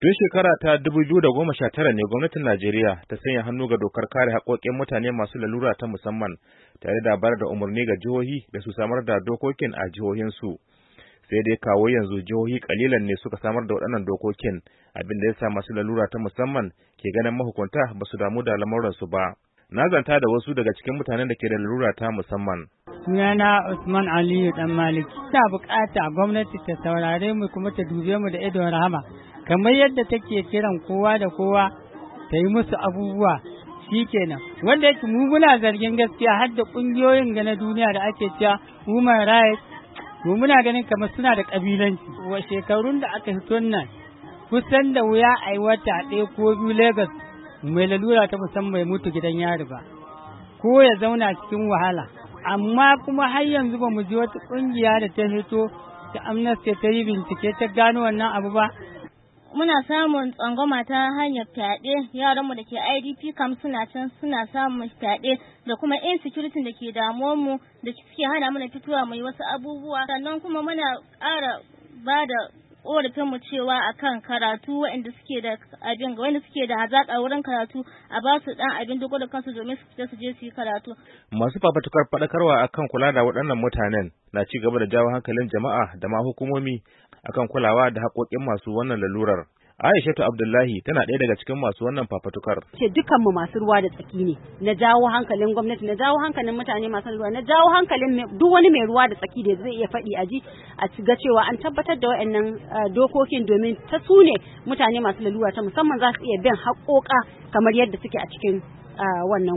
Tun shekara ta dubu biyu da goma sha tara ne gwamnatin Najeriya ta sanya hannu ga dokar kare haƙoƙin mutane masu lalura ta musamman tare da bayar da umarni ga jihohi da su samar da dokokin a jihohinsu. Sai dai kawo yanzu jihohi kalilan ne suka samar da waɗannan dokokin abinda da ya sa masu lalura ta musamman ke ganin mahukunta ba su damu da lamuransu ba. Na zanta da wasu daga cikin mutanen da ke da lalura ta musamman. sunana Usman Aliyu dan Malik, Ta bukata gwamnati ta saurare mu kuma ta dube mu da ido rahama kamar yadda take kiran kowa da kowa ta yi musu abubuwa shi kenan wanda yake mu muna zargin gaskiya har da ƙungiyoyin ga na duniya da ake cewa human rights mu muna ganin kamar suna da ƙabilanci wa shekarun da aka fito nan kusan da wuya a yi wata ɗaya ko biyu lagos mai lalura ta musamman mutu gidan yari ba ko ya zauna cikin wahala amma kuma har yanzu ba mu ji wata ƙungiya da ta fito ta amnesty ta yi bincike ta gano wannan abu ba muna samun tsangwama ta hanyar fyaɗe yaranmu da ke idp kam suna can suna samun fyaɗe da kuma in insecurity da ke mu da suke hana mana fitowa mai wasu abubuwa sannan kuma muna ƙara ba da korafin mu cewa akan karatu waɗanda suke da abin ga suke da hazaƙa wurin karatu a ba su dan abin duk da kansu domin su fita su je su yi karatu. Masu fafatukar faɗakarwa akan kula da waɗannan mutanen na ci gaba da jawo hankalin jama'a da ma hukumomi akan kulawa da haƙoƙin masu wannan lalurar. Aishatu Abdullahi tana ɗaya daga cikin masu wannan fafatukar. Ke dukan masu ruwa da tsaki ne. Na jawo hankalin gwamnati, na jawo hankalin mutane masu ruwa, na jawo hankalin duk wani mai ruwa da tsaki da zai iya faɗi a ji a ga cewa an tabbatar da wa'annan eh, dokokin domin ta su ne mutane masu lalura ta musamman za su iya bin haƙoƙa kamar yadda suke a cikin eh, wannan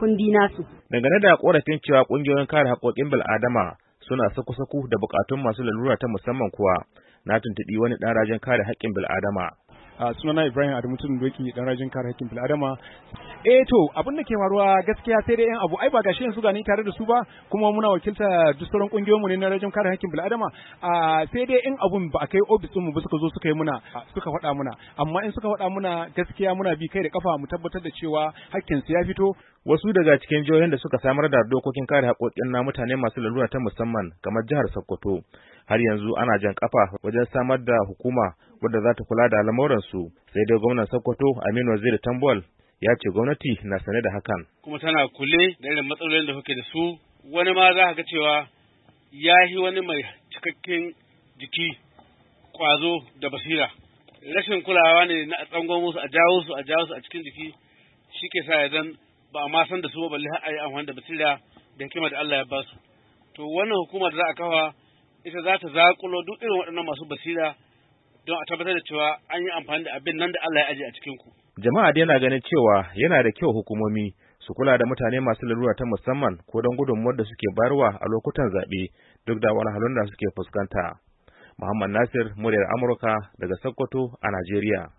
kundi nasu. Dangane da korafin cewa ƙungiyoyin kare haƙoƙin bil'adama suna saku-saku da buƙatun masu lalura ta musamman kuwa na tuntubi wani ɗan rajin kare haƙƙin bil'adama a sunana Ibrahim Adamu tun Doki ɗan rajin kare haƙƙin bil'adama eh to abin da ke maruwa gaskiya sai dai yan abu ai ba gashi yanzu gani tare da su ba kuma muna wakilta duk sauran mu ne na rajin kare hakkin bil'adama a ah, sai dai in abun ba a kai ofis mu ba suka zo suka yi muna suka faɗa muna amma in suka faɗa muna gaskiya muna bi kai da kafa mu tabbatar da cewa hakkin su ya fito wasu daga cikin jihohin da suka samar da dokokin kare haƙoƙin na mutane masu lalura ta musamman kamar jihar Sokoto har yanzu ana jan kafa wajen samar da hukuma wadda za ta kula da su sai dai gwamnan Sokoto Aminu Waziri Tambol ya ce gwamnati na sane da hakan kuma tana kule da irin matsalolin da kuke da su wani ma za ga cewa ya yi wani mai cikakken jiki kwazo da basira rashin kulawa ne na tsangon musu a jawo su a jawo su a cikin jiki shi ke sa ya ba a ma san da su ba balle a yi amfani da basira da hikima da Allah ya ba su to wannan hukuma da za a kafa ita za ta zakulo duk irin waɗannan masu basira don a tabbatar da cewa an yi amfani da abin nan da Allah ya aje a cikin ku jama'a dai na ganin cewa yana da kyau hukumomi su kula da mutane masu lalura ta musamman ko don gudunmuwar da suke bayarwa a lokutan zaɓe duk da wahalhalun da suke fuskanta. Muhammad Nasir, muryar Amurka daga Sokoto a Najeriya.